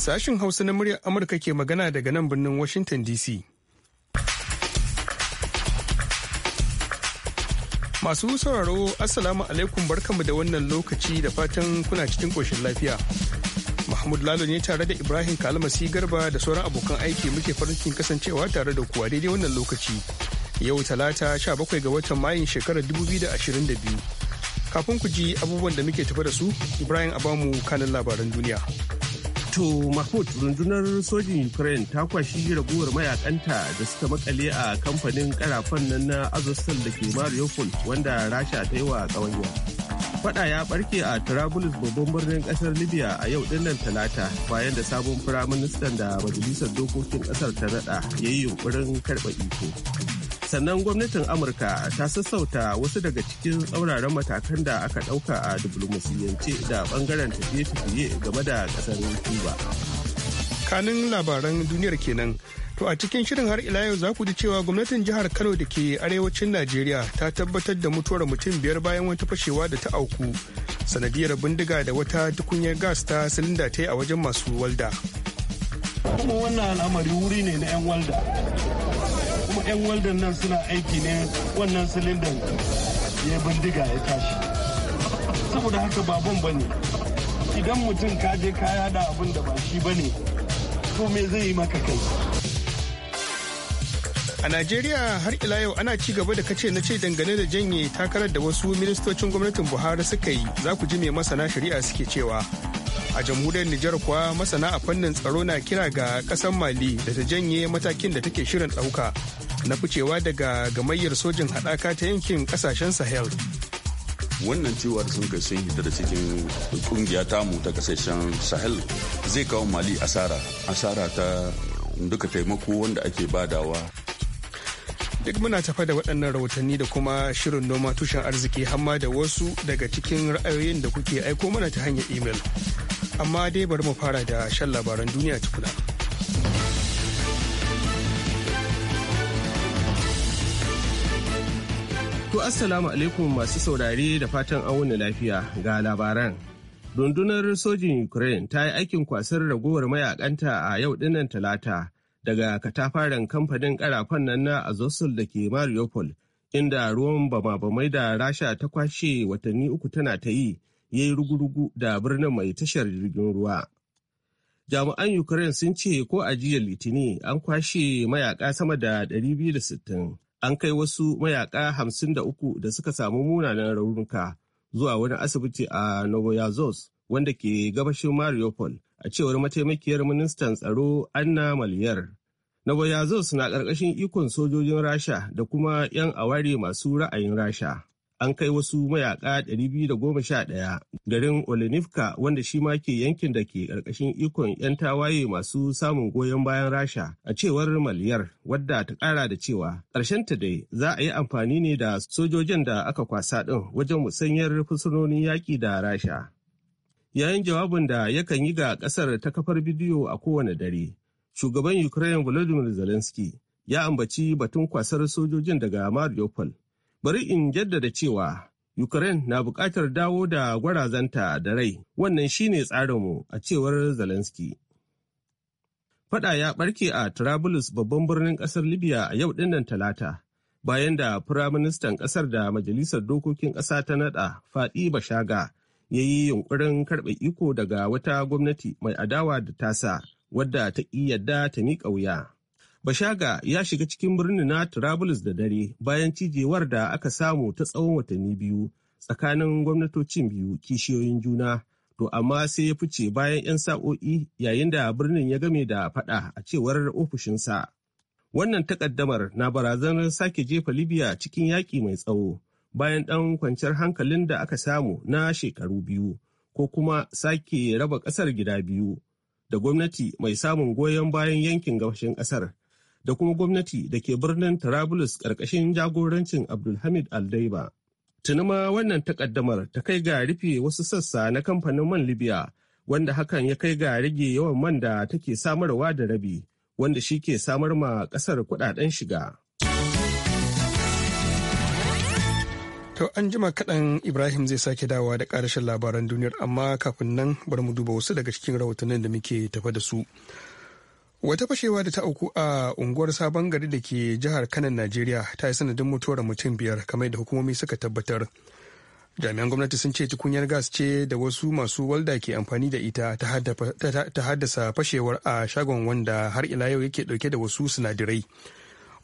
Sashin Hausa na muryar Amurka ke magana daga nan birnin Washington DC. Masu sauraro Assalamu alaikum barkamu da wannan lokaci da fatan kuna cikin ƙoshin lafiya. Mahmud Lalo ne tare da Ibrahim Kalmasi Garba da sauran abokan aiki muke farin kasancewa tare da kuwa daidai wannan lokaci. Yau Talata 17 ga watan Mayun shekarar 2022. Kafin ku ji abubuwan da muke tafa da su, Ibrahim Abamu kanin labaran duniya. To Mahmud rundunar sojin Ukraine ta kwashi raguwar mayakanta da suka makale a kamfanin karafan nan na Azostal da ke Mariupol wanda Rasha ta yi wa ƙawanya. Fada ya barke a Trablus babban birnin kasar Libya a yau dinnan Talata bayan da sabon firaministan da majalisar dokokin kasar ta nada ya yi yunkurin karɓa iko. sannan gwamnatin amurka ta sassauta wasu daga cikin tsauraran matakan da aka dauka a diflomasiyance da bangaren tafiye-tafiye game da kasar cuba kanin labaran duniyar kenan to a cikin shirin har ila yau za ku ji cewa gwamnatin jihar kano da ke arewacin najeriya ta tabbatar da mutuwar mutum biyar bayan wata fashewa da ta auku sanadiyar bindiga da wata tukunyar gas ta silinda ta yi a wajen masu walda kuma wannan al'amari wuri ne na 'yan walda 'yan waldan nan suna aiki ne wannan silindan ya bindiga ya tashi saboda haka baban ba ne idan mutum ka je kaya da abin da ba shi ba ne to me zai yi maka kai A Najeriya har ila yau ana ci gaba da kace na ce dangane da janye takarar da wasu ministocin gwamnatin Buhari suka yi za ku ji mai masana shari'a suke cewa. A jamhuriyar Nijar kuwa masana a fannin tsaro na kira ga ƙasar Mali da ta janye matakin da take shirin ɗauka na ficewa daga gamayyar sojin haɗaka ta yankin kasashen sahel wannan cewar sun kai sun hita da cikin kungiya tamu ta kasashen sahel zai kawo mali asara asara ta duka taimako wanda ake badawa duk muna tafa da waɗannan rahotanni da kuma shirin noma tushen arziki hamma da wasu daga cikin ra'ayoyin da kuke aiko mana ta hanyar imel amma dai bari mu fara da shan labaran duniya tukuna. To Assalamu alaikum masu saurari da fatan an wuni lafiya ga labaran. dundunar sojin Ukraine ta yi aikin kwasar ragowar mayakanta a yau dinnan talata daga katafaren kamfanin karafan nan na Azosol da ke Mariupol inda ruwan bama-bamai da rasha ta kwashe watanni uku tana ta yi ya yi rugu da birnin mai tashar jirgin ruwa. Jami'an Ukraine sun ce ko a jiya Litinin an kwashe mayaka sama da 260 an kai wasu mayaƙa hamsin da uku da suka samu munanan raunuka zuwa wani asibiti a Novoyazos wanda ke gabashin Mariupol a cewar mataimakiyar ministan tsaro Anna Maliyar. Novoyazos na ƙarƙashin ikon sojojin Rasha da kuma 'yan aware masu ra'ayin Rasha. an kai wasu mayaka 211 garin olenivka wanda shi ma ke yankin da ke ƙarƙashin ikon 'yan tawaye masu samun goyon bayan rasha a cewar maliyar wadda ta ƙara da cewa ta dai za a yi amfani ne da sojojin da aka kwasa ɗin wajen musanyar fursunonin yaƙi da rasha yayin jawabin da yakan yi ga ƙasar ta kafar bidiyo a kowane dare shugaban ukraine volodymyr zelensky ya ambaci batun kwasar sojojin daga mariupol bari in jaddada cewa Ukraine na buƙatar dawo da gwarazanta da rai wannan shine tsarinmu a cewar Zelensky. Fada ya barke a Trablus babban birnin ƙasar Libya a yau dinnan talata bayan da firaministan ƙasar da majalisar dokokin ƙasa ta nada Fadi Bashaga ya yi yunkurin karbe iko daga wata gwamnati mai adawa da tasa wadda ta yadda ta miƙa wuya. Bashaga ya shiga cikin birnin na Trablus da dare bayan cijewar da aka samu ta tsawon watanni biyu tsakanin gwamnatocin biyu kishiyoyin juna to amma sai ya fice bayan 'yan sa'o'i yayin da birnin ya game da fada a cewar ofishinsa. Wannan takaddamar na barazanar sake jefa Libya cikin yaƙi mai tsawo bayan ɗan kwanciyar hankalin da aka samu na shekaru biyu ko kuma sake raba ƙasar gida biyu da gwamnati mai samun goyon bayan yankin gabashin ƙasar da kuma gwamnati da ke birnin Trablus ƙarƙashin jagorancin Abdulhamid Aldaiba. Tuni ma wannan takaddamar ta kai ga rufe wasu sassa na kamfanin man Libya wanda hakan ya kai ga rage yawan man da take samarwa da rabi wanda shi ke samar ma ƙasar kuɗaɗen shiga. To an jima kaɗan Ibrahim zai sake dawowa da ƙarashin labaran duniyar amma kafin nan bari mu duba wasu daga cikin rahotannin da muke tafa da su. wata fashewa da ta auku a unguwar sabon gari da ke jihar kanan najeriya ta yi sanadin mutuwar mutum biyar kamar da hukumomi suka tabbatar jami'an gwamnati sun ce tukunyar gas ce da wasu masu walda ke amfani da ita ta haddasa fashewar a shagon wanda har ila yau yake dauke da wasu sinadirai.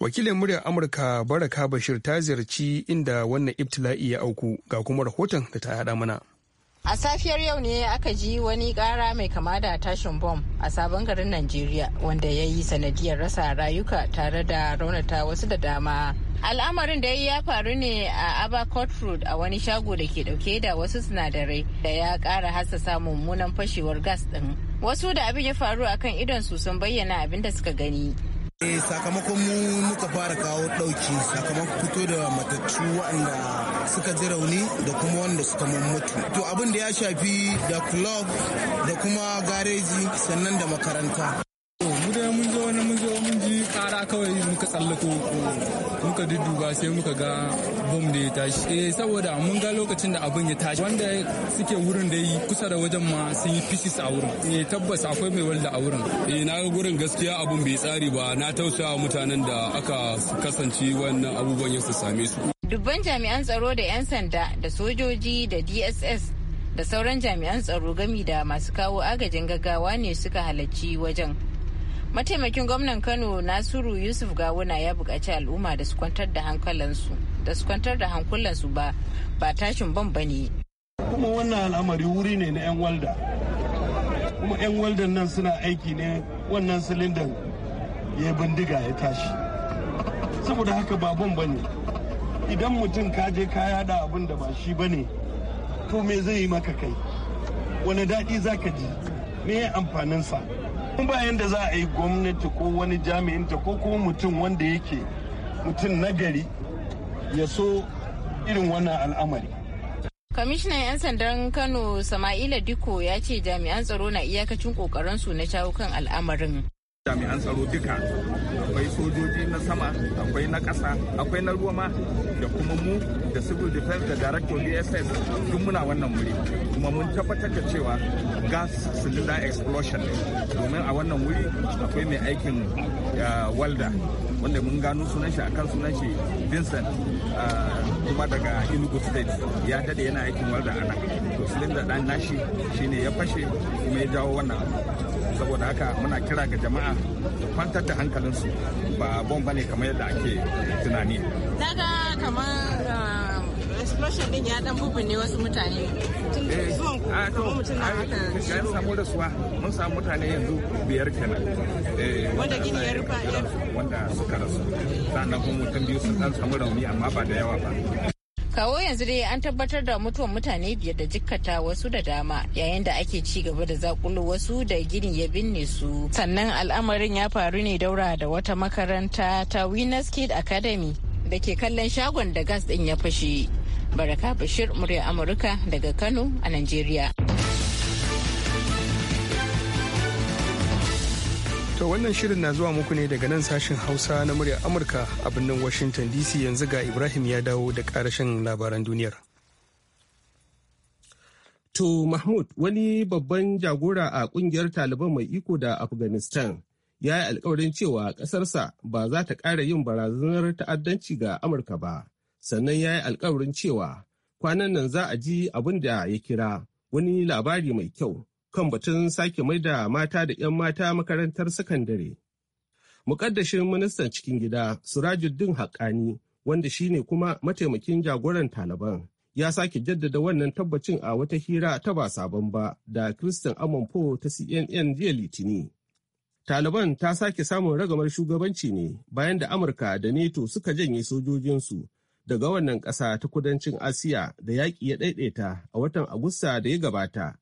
wakilin muryar amurka baraka bashir ta ziyarci inda wannan ibtila'i ya auku ga kuma rahoton da ta haɗa mana A safiyar yau ne aka ji wani kara mai kama da tashin bom a sabon garin Najeriya wanda ya yi sanadiyar rasa rayuka tare da raunata wasu da dama. Al'amarin da ya faru ne a abacourt Road a wani shago da ke dauke da wasu sinadarai da ya kara hassasa mummunan fashewar gas din. Wasu da abin ya faru akan idon su sun bayyana abin da suka gani. Eh, sakamakon mu muka fara kawo ɗauki sakamakon fito da matattu waɗanda suka ji rauni da kuma wanda suka mummutu. To abin da ya shafi da club da kuma gareji sannan da makaranta. Mu da mun zo wani mun zo mun ji ƙara kawai muka tsallako muka dudduba sai muka ga bom da ya tashi eh saboda mun ga lokacin da abin ya tashi wanda suke wurin da yi kusa da wajen ma sun yi pieces a wurin eh tabbas akwai mai walda a wurin eh na ga gurin gaskiya abun bai tsari ba na tausaya mutanen da aka kasance wannan abubuwan ya su same su dubban jami'an tsaro da 'yan sanda da sojoji da dss da sauran jami'an tsaro gami da masu kawo agajin gaggawa ne suka halarci wajen mataimakin gwamnan kano nasiru yusuf gawuna ya bukaci al'umma da su kwantar da hankalansu da su kwantar da hankulansu ba ba tashin ban ba ne kuma wannan al'amari wuri ne na 'yan walda kuma 'yan waldan nan suna aiki ne wannan silindan ya bindiga ya tashi saboda haka ba ban ba ne idan mutum ka je ka yada abin da ba shi ba ne to me zai yi maka kai wani daɗi za ka ji me amfaninsa bayan da za a yi gwamnati ko wani jami'inta ko kuma mutum wanda yake mutum nagari ya so irin wannan al'amari kwamishinan 'yan sandan kano sama'ila diko ya ce jami'an tsaro na iyakacin kokarinsu na shawo kan al'amarin jami'an tsaro duka akwai sojoji na sama akwai na ƙasa akwai na ruwa ma da kuma mu da civil defense da director dss duk muna wannan wuri kuma mun tabbatar da cewa gas cylinder explosion ne domin a wannan wuri akwai mai aikin ah, walda wanda mun gano sunan shi akan sunan shi vincent ah, kuma daga inugu state ya dade yana aikin walda a nan to cylinder dan nashi shine ya fashe kuma ya jawo wannan abu saboda haka muna kira ga jama'a da kwantar da hankalinsu ba bom bane kamar yadda ake tunani daga kamar ah, explosion din ya dan ne wasu mutane eh, ah, ya samu mun samu mutane yanzu biyar kenan eh, wanda gini ya rufa wanda suka rasu sannan kuma mutum biyu sun samu rauni amma ba da yawa ba kawo yanzu dai an tabbatar da mutuwan mutane biyar da jikkata wasu da dama yayin da ake ci gaba da zakulu wasu da gini ya binne su sannan al'amarin ya faru ne daura da wata makaranta ta winners kid academy da ke kallon shagon da gas din ya fashe baraka bashir murya amurka daga kano a nigeria To wannan shirin na zuwa muku ne daga nan sashen Hausa na muryar Amurka a birnin Washington DC yanzu ga Ibrahim ya dawo da karashin labaran duniyar. To Mahmud wani babban jagora a kungiyar Taliban mai iko da Afghanistan ya yi alkawarin cewa ƙasarsa ba za ta ƙara yin barazanar ta'addanci ga Amurka ba, sannan ya yi alkawarin cewa kwanan nan za a ji abin da ya kira wani labari mai kyau kan batun sake maida mata da 'yan mata makarantar sakandare. Mukaddashin ministan cikin gida Surajuddin Haƙani wanda shi ne kuma mataimakin jagoran Taliban ya sake jaddada wannan tabbacin a wata hira ta ba sabon ba da Christian Amonpo ta CNN jiya Litini. Taliban ta sake samun ragamar shugabanci ne bayan da Amurka da NETO suka janye sojojinsu daga wannan ƙasa ta kudancin Asiya da yaƙi ya ɗaiɗaita a watan Agusta da ya gabata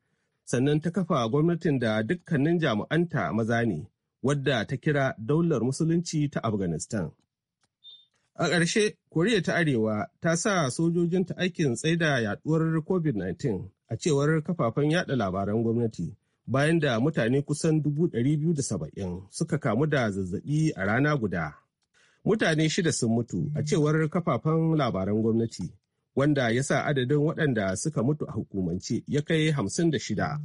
sannan ta kafa gwamnatin da dukkanin jami'anta maza ne wadda ta kira daular musulunci ta afghanistan a ƙarshe koriya ta arewa ta sa sojojinta aikin tsaida yaduwar covid-19 a cewar kafafen yada labaran gwamnati bayan da mutane kusan 270 suka kamu da zazzabi a rana guda mutane shida sun mutu a cewar kafafen labaran gwamnati wanda ya sa adadin waɗanda suka mutu a hukumance ya kai hamsin da shida.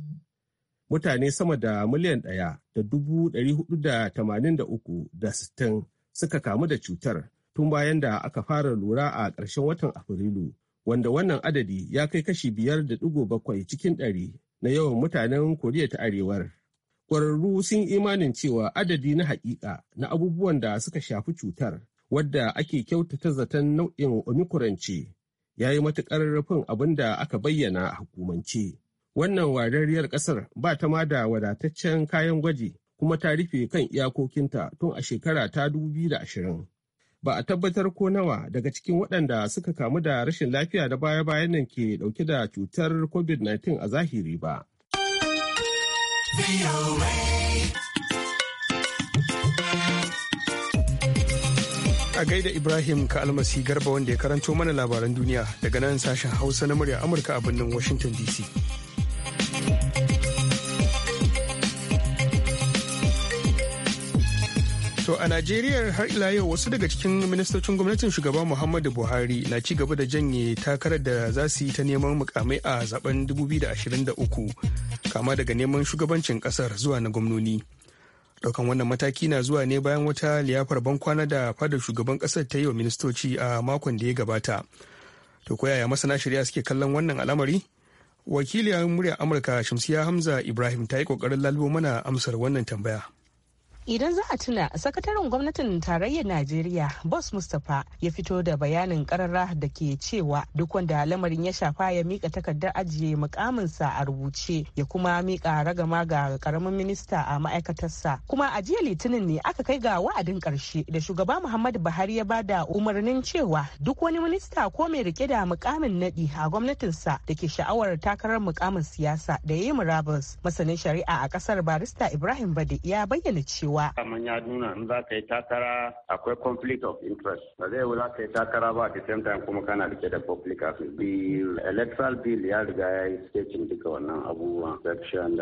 Mutane sama da miliyan ɗaya da dubu ɗari hudu da tamanin da uku da sittin suka kamu da cutar tun bayan da aka fara lura a ƙarshen watan Afrilu, wanda wannan adadi ya kai kashi biyar da ɗigo bakwai cikin ɗari na yawan mutanen Koriya ta Arewar. Ƙwararru sun imanin cewa adadi na haƙiƙa na abubuwan da suka shafi cutar wadda ake kyautata zaton nau'in omicron ce ya yi matuƙar rufin abin da aka bayyana a hukumance. Wannan warariyar ƙasar ba ta ma da wadataccen kayan gwaji kuma ta rufe kan iyakokinta tun a shekara ta da ashirin. Ba a tabbatar ko nawa daga cikin waɗanda suka kamu da rashin lafiya da baya-bayan nan ke ɗauke da cutar COVID-19 a zahiri ba. A gaida Ibrahim ka almasi garba wanda ya karanto mana labaran duniya daga nan sashen Hausa na murya Amurka a birnin Washington DC. To a Najeriya har ila yau wasu daga cikin ministocin gwamnatin shugaba Muhammadu Buhari na ci gaba da janye takarar da za su yi ta neman mukamai a zaben 2023 kama daga neman shugabancin kasar zuwa na gwamnoni. daukan wannan mataki na zuwa ne bayan wata liyafar bankwana da fadar shugaban kasar ta yi wa ministoci a makon da ya gabata to ko masana shari'a suke kallon wannan al'amari wakiliyar muryar amurka shamsiya hamza ibrahim ta yi kokarin lalbo mana amsar wannan tambaya Idan za a tuna sakataren gwamnatin tarayyar Najeriya Boss Mustapha ya fito da bayanin karara da ke cewa duk wanda lamarin ya shafa ya mika takardar ajiye mukaminsa a rubuce ya kuma mika ragama ga karamin minista a ma'aikatarsa. Kuma a jiya litinin ne aka kai ga wa'adin ƙarshe. da shugaba Muhammadu Buhari ya bada umarnin cewa duk wani minista ko mai rike da mukamin naɗi a gwamnatinsa da ke sha'awar takarar mukamin siyasa da ya yi murabus masanin shari'a a ƙasar barista Ibrahim Bade ya bayyana cewa cewa. Kamar ya nuna in za ka yi takara akwai conflict of interest. Ba zai wula ka yi takara ba a same time kuma kana rike da public office. Bill, electoral bill ya riga ya yi sketching duka wannan abubuwan. Section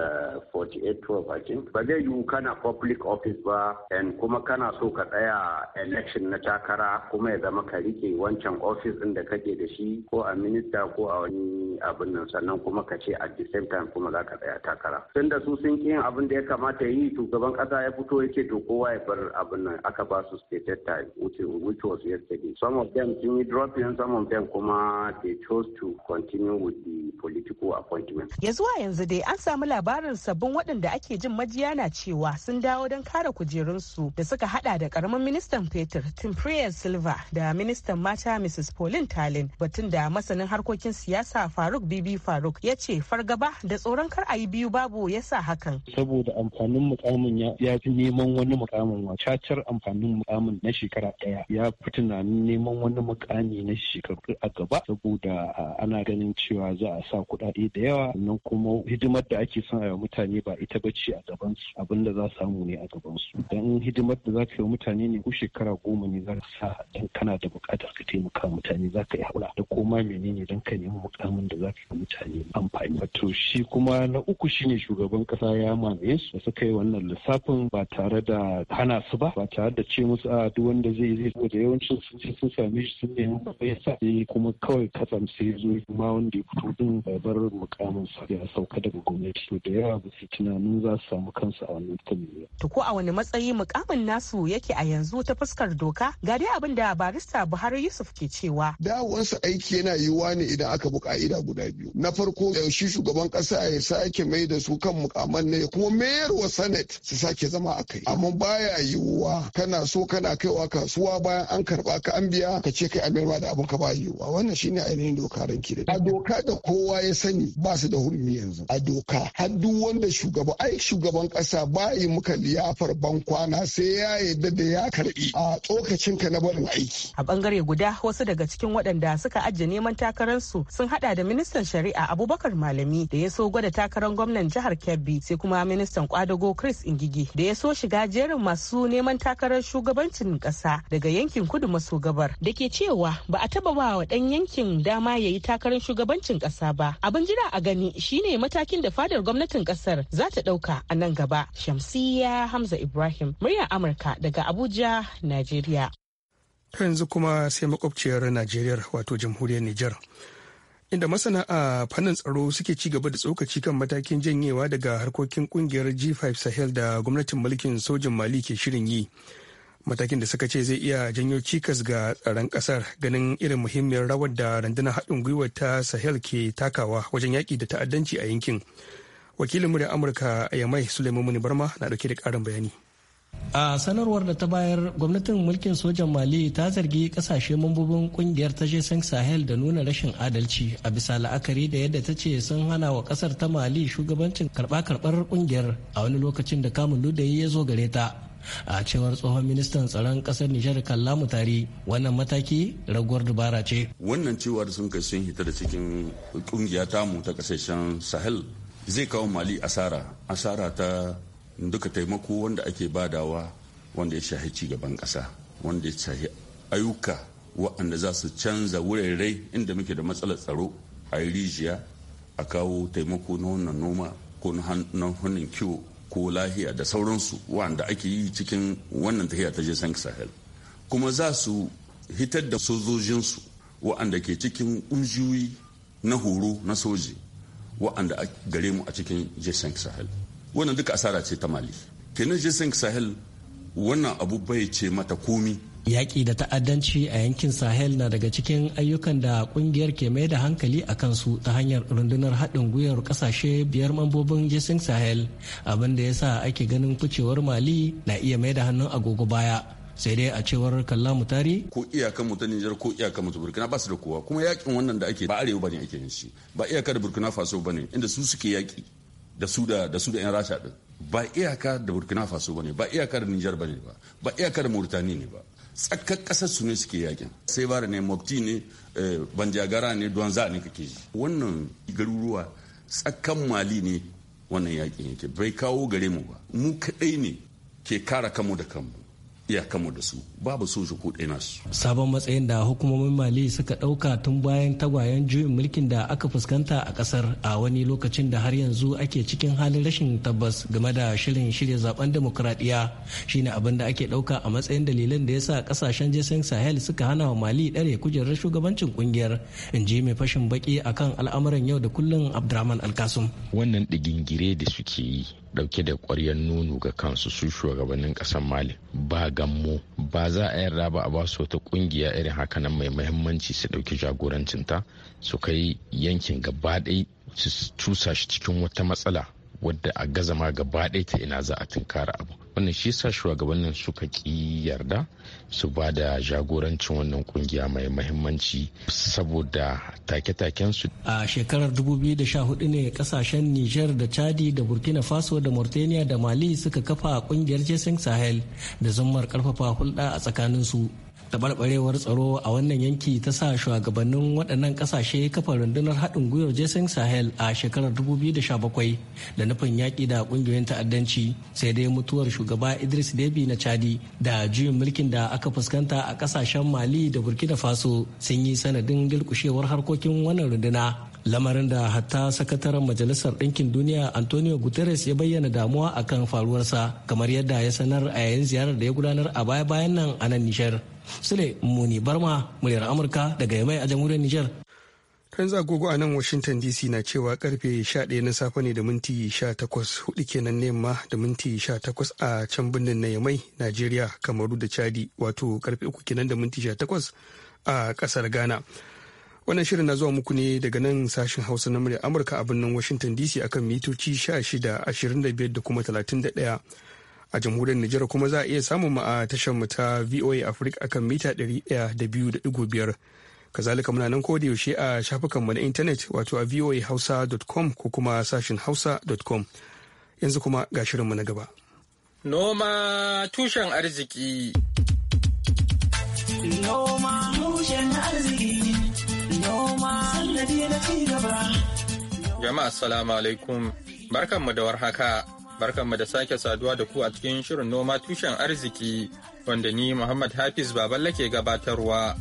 4812 uh, I Ba zai yiwu kana public office ba and kuma kana so ka tsaya election na takara kuma ya zama ka rike wancan office ɗin da kake da shi ko a minista ko a wani abin nan sannan kuma ka ce a the same time kuma za ka tsaya takara. Tunda su sun ƙi yin abin da ya kamata yi shugaban ƙasa ya fito fito ya to kowa ya bar abin nan aka ba su stated time which, which was yesterday some of them sun yi dropping some of them kuma they chose to continue with the political appointment ya zuwa yanzu dai an samu labarin sabbin waɗanda ake jin majiya na cewa sun dawo don kare kujerunsu da suka hada da karamin ministan fetur tim silver da ministan mata mrs pauline talin batun da masanin harkokin siyasa faruk bibi faruk ya ce fargaba da tsoron kar a yi biyu babu yasa hakan saboda amfanin mukamin ya fi neman wani mukamin cacar amfanin mukamin na shekara daya ya fi tunanin neman wani mukami na shekaru a gaba saboda ana ganin cewa za a sa kuɗaɗe da yawa sannan kuma hidimar da ake son a mutane ba ita ba ce a gaban su abin da za samu ne a gaban su dan hidimar da za ka yi mutane ne ko shekara goma ne za ka sa dan kana da buƙatar ka taimaka mutane za ka yi haula da koma menene dan ka nemi mukamin da za ka yi mutane amfani wato shi kuma na uku shine shugaban ƙasa ya mamaye su da suka yi wannan lissafin ba tare da hana su ba ba tare da ce musu a ah, duk wanda zai zai zo da yawancin sun ce sun same shi sun nemi ba ya sa sai eh, kuma kawai katsam sai zo ma wanda ya fito din bar mukamin sa ya sauka daga gwamnati to da yawa ba su tunanin za su samu kansu a wannan ba to ko a wani matsayi mukamin nasu yake a yanzu ta fuskar doka ga dai abin da barista Buhari Yusuf ke cewa dawansa aiki yana yiwuwa ne idan aka bi ka'ida guda biyu na farko eh, shi shugaban kasa ya sake mai da su kan mukaman ne kuma mayarwa wa su sake zama a yi. amma baya yiwuwa kana so kana kaiwa kasuwa bayan an karba ka an biya ka ce kai a da abin ka ba yiwuwa wannan shine ainihin doka ran da a doka da kowa ya sani ba su da hurumi yanzu a doka har duk wanda shugaba ai shugaban kasa ba yi muka liyafar bankwana sai ya yarda da ya karbi a tsokacin ka na barin aiki a bangare guda wasu daga cikin waɗanda suka ajiye neman takararsu sun hada da ministan shari'a abubakar malami da ya so gwada takarar gwamnan jihar kebbi sai kuma ministan kwadago chris ingigi da ya so shiga jerin masu neman takarar shugabancin ƙasa daga yankin kudu maso gabar da ke cewa ba a taba ba wa ɗan yankin dama ya yi takarar shugabancin ƙasa ba. Abin jira a gani shine matakin da fadar gwamnatin ƙasar za ta ɗauka a nan gaba. Shamsiya Hamza Ibrahim, murya Amurka daga Abuja, Najeriya. yanzu kuma sai makwabciyar Najeriya wato jamhuriyar Nijar. inda masana a fannin tsaro suke ci gaba da tsokaci kan matakin janyewa daga harkokin kungiyar G5 Sahel da gwamnatin mulkin sojin Mali ke shirin yi. Matakin da suka ce zai iya janyo cikas ga tsaron kasar ganin irin muhimmiyar rawar da rundunar haɗin gwiwar ta Sahel ke takawa wajen yaƙi da ta'addanci a yankin. Wakilin murya Amurka a Yamai Suleiman Barma na ɗauke da ƙarin bayani. a sanarwar da ta bayar gwamnatin mulkin sojan mali ta zargi kasashe mambobin kungiyar ta jason sahel da nuna rashin adalci a bisa la'akari da yadda ta ce sun hana wa kasar ta mali shugabancin karba karbar kungiyar a wani lokacin da kamun ludayi ya zo gare ta a cewar tsohon ministan tsaron kasar nijar kallamu mutari wannan mataki raguwar dubara ce wannan cewa da sun kai sun hita da cikin kungiya tamu ta kasashen sahel zai kawo mali asara asara ta duka taimako wanda ake badawa wanda ya shahi cigaban ƙasa wanda ya shahi ayyuka waɗanda za su canza wurare inda muke da matsalar tsaro a yi rijiya a kawo taimako na wannan noma ko na hannun kiwo ko lahiya da sauransu waɗanda ake yi cikin wannan tahiya ta jason sahel kuma za su hitar da sojojinsu waɗanda ke cikin ƙungiyoyi na horo na soji waɗanda gare mu a cikin jesan sahel wannan duka asara ce ta mali kenan jason sahel wannan abu bai ce mata komi yaƙi da ta'addanci a yankin sahel na daga cikin ayyukan da ƙungiyar ke mai da hankali a kansu ta hanyar rundunar haɗin gwiwar ƙasashe biyar mambobin jason sahel abinda ya sa ake ganin ficewar mali na iya mai da hannun agogo baya sai dai a cewar kalla mutari ko iyakan mu ta Nijar ko iyakan mu ta Burkina ba su da kowa kuma yakin wannan da ake ba arewa bane ake yin shi ba iyaka da Burkina Faso bane inda su suke yaki da su da da su da yan rasha din ba iyaka da burkina faso bane ba iyaka da niger bane ba ba iyaka da mauritania ne ba tsakkan kasar su ne suke yakin sai bara ne mopti ne eh, banjagara ne za ne kake ji wannan garuruwa tsakkan mali ne wannan yakin yake bai kawo gare mu ba mu kadai ne ke kara kanmu da kanmu iyakanmu da su babu soja ko ɗaya nasu. sabon matsayin da hukumomin mali suka ɗauka tun bayan tagwayen juyin mulkin da aka fuskanta a ƙasar a wani lokacin da har yanzu ake cikin halin rashin tabbas game da shirin shirya zaben demokuraɗiyya shine abin da ake ɗauka a matsayin dalilin da ya sa ƙasashen jason sahel suka hana wa mali ɗare kujerar shugabancin ƙungiyar in ji mai fashin baki akan al'amuran yau da kullum abdurrahman alkasum wannan digingire da suke yi dauke da ƙwaryar nono ga kansu su shugabannin ƙasar mali ba gammo ba za a yarda ba a basu wata kungiya irin haka nan mai mahimmanci su dauki jagorancinta su kai yankin gaba ɗaya su cusa shi cikin wata matsala wadda a gaza ma gaba ɗaya ta ina za a tunkara abu wannan shi sa shugabannin suka ki yarda su ba da jagorancin wannan kungiya mai mahimmanci saboda take-taken su a shekarar 2014 ne kasashen niger da chadi da burkina faso da mauritania da mali suka kafa kungiyar jason sahel da zumar karfafa hulɗa a tsakanin su. tabarbarewar tsaro a wannan yanki ta sa shugabannin waɗannan ƙasashe kafa rundunar haɗin gwiwar jason sahel a shekarar 2017 da nufin yaƙi da ƙungiyoyin ta'addanci sai dai mutuwar shugaba idris debi na chadi da juyin mulkin da aka fuskanta a ƙasashen mali da burkina faso sun yi sanadin girƙushewar harkokin wannan runduna lamarin da hatta sakataren majalisar ɗinkin duniya antonio guterres ya bayyana damuwa akan faruwarsa kamar yadda ya sanar a yayin ziyarar da ya gudanar a baya-bayan nan a nan nishar sule muni barma muryar amurka daga yamai a jamhuriyar nijar kan zagogo a nan washington dc na cewa karfe 11 na safe ne da minti 18 hudu kenan ne ma da minti 18 a can birnin na yamai nigeria kamaru da chadi wato karfe uku kenan da minti 18 a kasar ghana Wannan shirin na zuwa muku ne daga nan sashen Hausa na murya Amurka a birnin Washington DC akan mitoci shida ashirin da kuma 31. A jamhuriyar Nijar kuma za a iya samun mu a tashar mu ta VOA Africa akan mita da da biyu biyar Kazalika muna nan da yaushe a shafukan mu na intanet wato a voahausa.com ko kuma sashen hausa.com. Yanzu kuma ga shirin mu na gaba. Noma tushen arziki. Noma tushen arziki. Jama'a assalamu alaikum barkanmu da warhaka mu da sake saduwa da ku a cikin shirin noma tushen arziki wanda ni Muhammad Hafiz Baballa ke gabatarwa.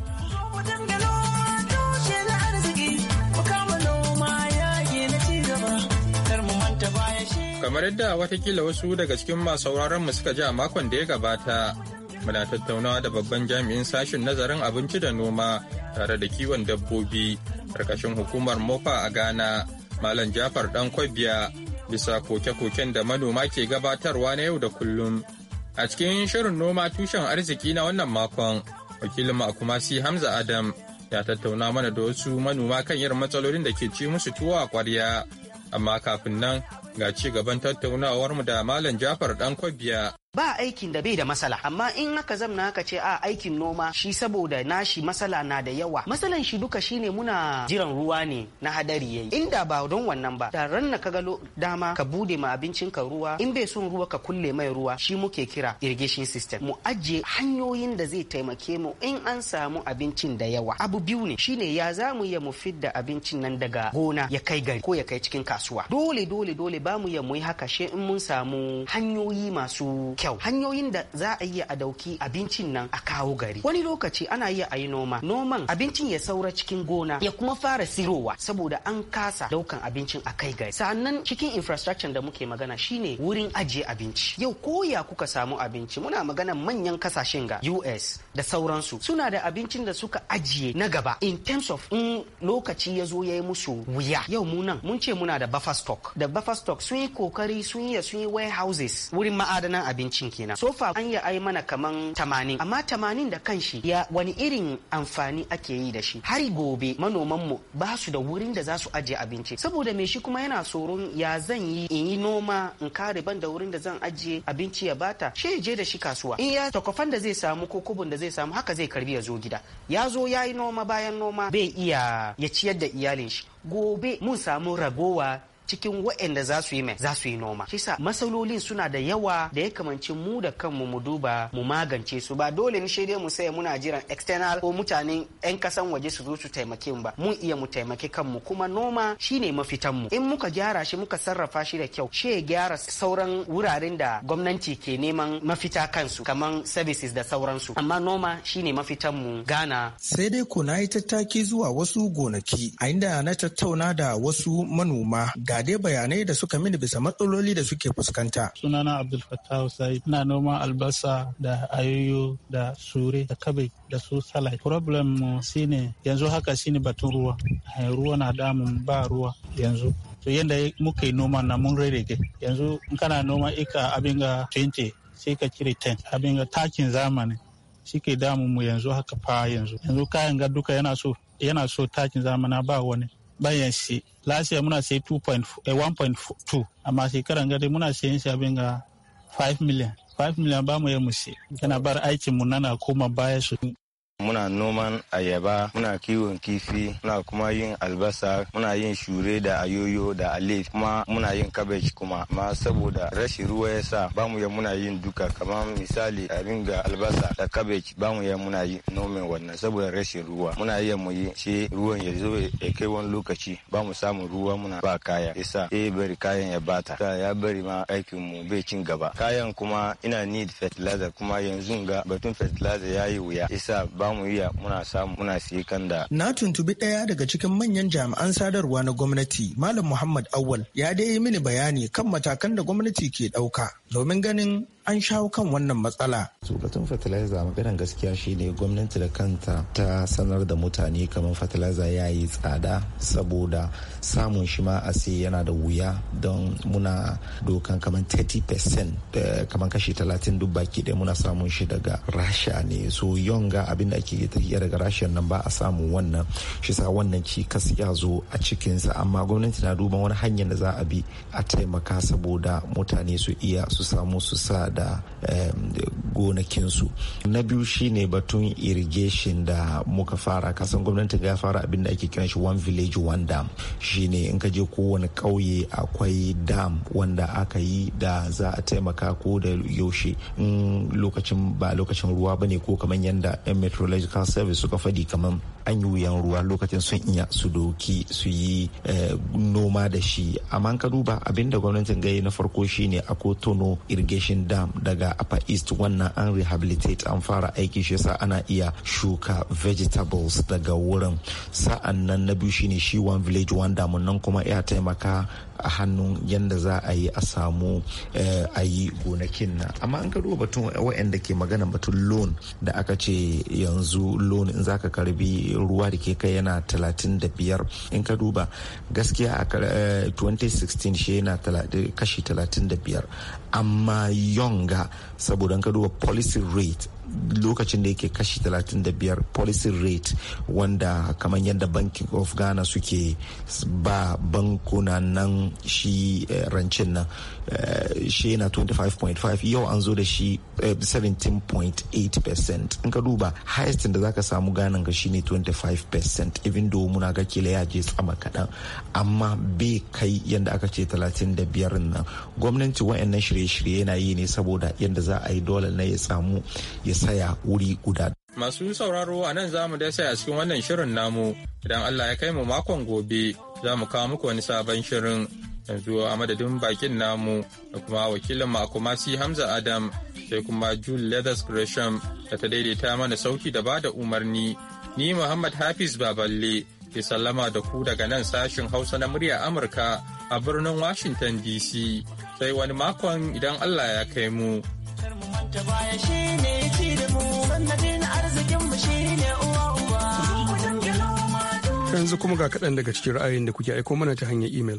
Kamar yadda watakila wasu daga cikin masu sauraron mu suka ji a makon da ya gabata, muna tattaunawa da babban jami'in sashen nazarin abinci da noma tare da kiwon dabbobi karkashin hukumar mofa a ghana malam jafar dan kwabiya bisa koke-koken da manoma ke gabatarwa na yau da kullum a cikin shirin noma tushen arziki na wannan makon wakilin makumasi hamza adam ya tattauna mana da wasu manoma kan yin matsalolin da ke ci musu tuwa a kwarya amma kafin nan ga ci gaban tattaunawarmu da malam jafar dan kwabiya ba aikin da bai da masala amma in aka zamna aka ce a aikin noma shi saboda nashi masala na da yawa masalan shi duka shine muna jiran ruwa ne na hadari yayi inda ba don wannan ba da ran ka galo dama ka bude ma abincin ka ruwa in bai sun ruwa ka kulle mai ruwa shi muke kira irrigation system mu ajiye hanyoyin da zai taimake mu in an samu abincin da yawa abu biyu ne shine ya za mu iya mu fidda abincin nan daga gona ya kai gari ko ya kai cikin kasuwa dole dole dole ba mu iya mu yi haka she in mun samu hanyoyi masu kyau hanyoyin da za a iya a dauki abincin nan a kawo gari wani lokaci ana iya a yi noma noman abincin ya saura cikin gona ya kuma fara sirowa saboda an kasa daukan abincin a kai gari sannan cikin infrastructure da muke magana shine wurin ajiye abinci yau koya kuka samu abinci muna magana manyan kasashen ga US da sauransu suna da abincin da suka ajiye na gaba in terms of in lokaci ya zo ya musu wuya yau mu nan mun ce muna da buffer stock da buffer stock sun yi kokari sun yi sun yi warehouses wurin ma'adanan abinci abincin kenan sofa an yi ai mana kaman tamanin amma tamanin da kanshi ya wani irin amfani ake yi da shi har gobe manoman mu ba su da wurin da za su ajiye abinci saboda me shi kuma yana tsoron ya zan yi in yi noma in kare ban da wurin da zan ajiye abinci ya bata shi je da shi kasuwa in ya takwafan da zai samu ko kubun da zai samu haka zai karbi ya zo gida ya zo ya yi noma bayan noma bai iya ya ciyar da iyalin shi gobe mun samu ragowa cikin waɗanda za su yi mai za su yi noma shi sa masalolin suna da yawa da ya kamanci mu da kanmu mu duba mu magance su ba dole ni shaidai mu sai muna jiran external ko mutanen yan kasan waje su zo su taimake mu ba mun iya mu taimake kanmu kuma noma shine mafitan mu in muka gyara shi muka sarrafa shi da kyau shi ya gyara sauran wuraren da gwamnati ke neman mafita kansu kamar services da sauransu amma noma shine mafitan mu gana sai dai ko na yi tattaki zuwa wasu gonaki a inda na tattauna da wasu manoma ga ga dai bayanai da suka mini bisa matsaloli da suke fuskanta. Sunana Abdul Fattah Sai ina noma albasa da ayoyo da sure da kabe da su salai. Problem mu shine yanzu haka shine batun ruwa. Eh, ruwa na damun ba ruwa yanzu. To yanda muke noma na mun rage yanzu in kana noma ika abin ga 20 sai ka cire 10 abin ga takin zamani shi ke damun mu yanzu haka fa yanzu yanzu kayan ga duka yana so yana so takin zamana ba wani bayan shi last year muna sai 1.2 eh, amma shekaran gari muna sayan shi abin ga 5 million 5 million ba mu yi mu yana bar aikin mu nana koma baya su Muna noman ayaba, muna kiwon kifi, muna kuma yin albasa, muna yin shure da ayoyo da alif kuma muna yin kabeji kuma. Ma saboda rashin ruwa ya sa ba mu ya muna yin duka kamar misali a ringa albasa da kabeji ba mu ya muna yi nomin wannan saboda rashin ruwa. Muna iya mu yi shi ruwan ya zo ya kai wani lokaci ba mu samun ruwa muna ba kaya. Isa e eh, bari kayan ya bata. ya bari ma aikin mu bai cin gaba. Kayan kuma ina need fertilizer kuma yanzu ga batun fertilizer ya yi wuya. Isa ba ba mu iya muna samu muna siye kan da. Na tuntubi ɗaya daga cikin manyan jami'an sadarwa na gwamnati Malam Muhammad awwal ya dai yi mini bayani kan matakan da gwamnati ke ɗauka domin ganin an shawo kan wannan matsala. Tsokatun fertilizer maganar gaskiya shine gwamnati da kanta ta sanar da mutane kamar fertilizer ya yi tsada saboda samun shi ma a sai yana da wuya don muna dokan kamar 30% eh, kamar kashi 30 duk baki ɗaya muna samun shi daga rasha ne so yonga abin da ake tafiya daga rashiyar nan ba a samu wannan shi sa wannan cikas ya zo a cikinsa amma gwamnati na duban wani hanyar da za a bi a taimaka saboda mutane su iya su samu su sa da gonakinsu na biyu shine batun irrigation da muka fara kasan gwamnati ya fara abin da ake kiran shi one village one dam shine in ka je kowane ƙauye akwai dam wanda aka yi da za a taimaka ko da yaushe in lokacin ba lokacin ruwa ba ne ko kamar yadda yan metro meteorological service suka faɗi kamar an yi wuyan ruwa lokacin sun iya su doki su yi eh, noma da shi amma ka duba abinda da gwamnatin gaye na farko shine a kotono irrigation dam daga upper east wannan an rehabilitate an fara aiki shi yasa ana iya shuka vegetables daga wurin sa'an nan na biyu shine shi one village one dam nan kuma ya taimaka a hannun yadda za a yi a samu eh, a yi gonakin nan amma an ka duba batun da ke magana batun loan da aka ce yanzu loan in za ka karbi ruwa da ke kai yana 35 in ka duba gaskiya a 2016 eh, shi yana kashi 35 amma yonga saboda an ka duba policy rate lokacin da yake kashi 35 policy rate wanda kamar yadda bank of ghana suke ba bankuna nan shi eh, rancin nan Eh, shi yana 25.5 yau an zo da shi 17.8% eh, in ka duba highest da ka samu ganin ka shine 25% even though muna ga kila ya je tsama kaɗan amma bai kai yadda aka ce 35 nan gwamnati wa'annan shirye-shirye yana yi ne saboda yadda za a yi dole na ya samu ya saya wuri guda masu sauraro a nan zamu mu dai sai a cikin wannan shirin namu idan allah ya kai mu makon gobe za mu kawo muku wani sabon shirin yanzu a madadin bakin namu da kuma wakilin makomasi hamza adam sai kuma jule leathers gresham da ta daidaita mana sauki da bada umarni ni muhammad hafiz baballe ke sallama da ku daga nan sashin hausa na murya amurka a birnin washington dc sai wani makon idan allah ya kai mu yanzu kuma ga kaɗan daga cikin ra'ayin da kuke aiko mana ta hanyar imel.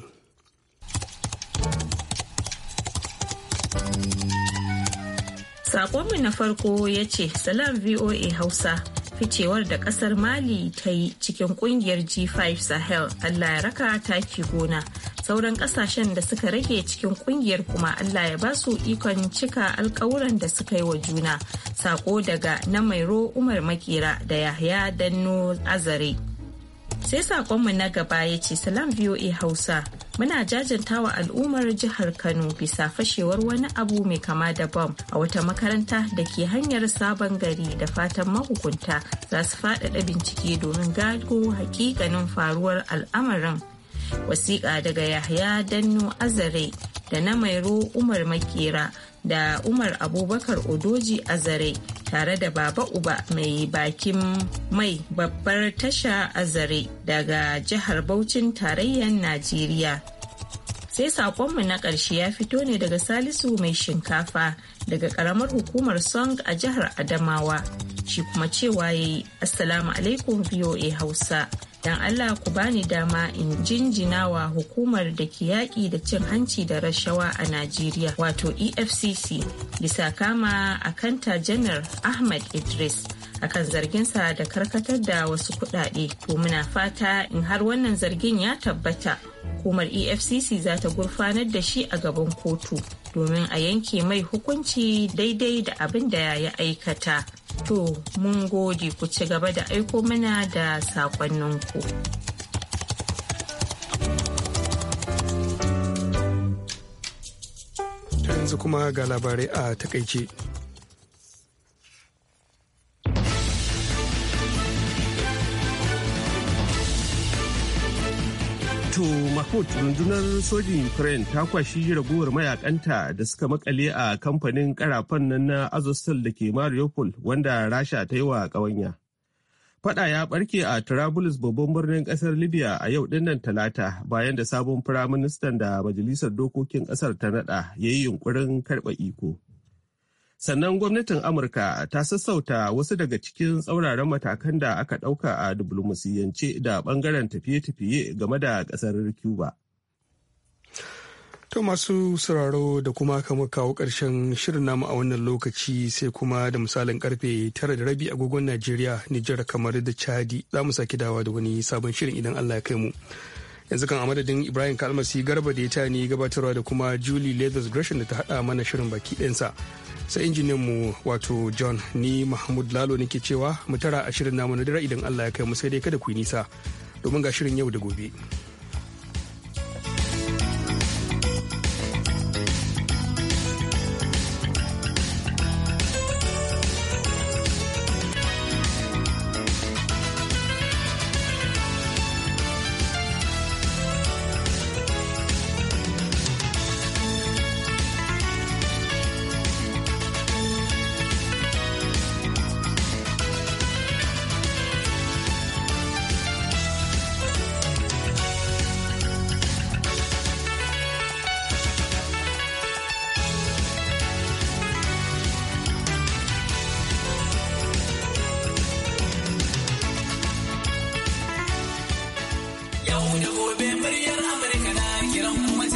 Sakonmu na farko ya ce salam VOA Hausa ficewar da kasar Mali ta yi cikin kungiyar G5 Sahel Allah ya raka taki gona. Sauran kasashen da suka rage cikin kungiyar kuma Allah ya ba su ikon cika alkawuran da suka yi wa juna. Sako daga na Mairo Umar Makera da Yahya Danno Azare. Sai sakonmu na gaba ya ce salam VOA Hausa muna jajantawa al'ummar jihar Kano bisa fashewar wani abu mai kama da bom a wata makaranta da ke hanyar sabon gari da fatan mahukunta za su faɗaɗa bincike domin gago hakikanin faruwar al'amarin. Wasiƙa daga Yahya danno Azare da na Mairo Umar Makera da Umar Abubakar Odoji a zare tare da Baba Uba mai bakin mai babbar tasha a zare daga jihar Bauchin tarayyar Najeriya. Sai saƙonmu na ƙarshe ya fito ne daga Salisu mai shinkafa daga ƙaramar hukumar Song a jihar Adamawa. Shi kuma cewa ya yi Assalamu alaikum VOA Hausa. don Allah ku bani dama in jinjina wa hukumar da ke yaƙi da cin hanci da rashawa a Najeriya wato EFCC bisa kama akanta janar Ahmad Idris. akan zarginsa da karkatar da wasu kuɗaɗe to muna fata in har wannan zargin ya tabbata hukumar efcc za ta gurfanar da shi a gaban kotu domin a yanke mai hukunci daidai da abin da ya aikata To, mun gode ku ci gaba da aiko mana da ku. yanzu kuma ga labarai a takaice. To Mahmud rundunar sojin Ukraine ta kwashi ragowar mayakanta da suka makale a kamfanin karafan nan na Azostal da ke Mariupol wanda Rasha ta yi wa ƙawanya. Fada ya barke a Trablus babban birnin ƙasar Libya a yau dinnan talata bayan da sabon firaministan da majalisar dokokin Ƙasar ta naɗa ya yi yunkurin karɓa iko. sannan gwamnatin amurka ta sassauta wasu daga cikin tsauraran matakan da aka ɗauka a diflomasiyance da ɓangaren tafiye-tafiye game da ƙasar cuba To masu sauraro da kuma kama kawo ƙarshen shirin namu a wannan lokaci sai kuma da misalin karfe tara da rabi agogon Najeriya, Nijar kamar da Chadi za mu sake dawa da wani sabon shirin idan Allah ya kai mu. Yanzu kan a madadin Ibrahim Kalmasi Garba da ya ta ni gabatarwa da kuma Julie Leathers Gresham da ta hada mana shirin baki ɗinsa. sai injiniyan mu wato john ni mahmud lalo ke cewa mu tara a shirin namu na dira idan allah ya kai mu sai dai kada ku yi nisa domin ga shirin yau da gobe.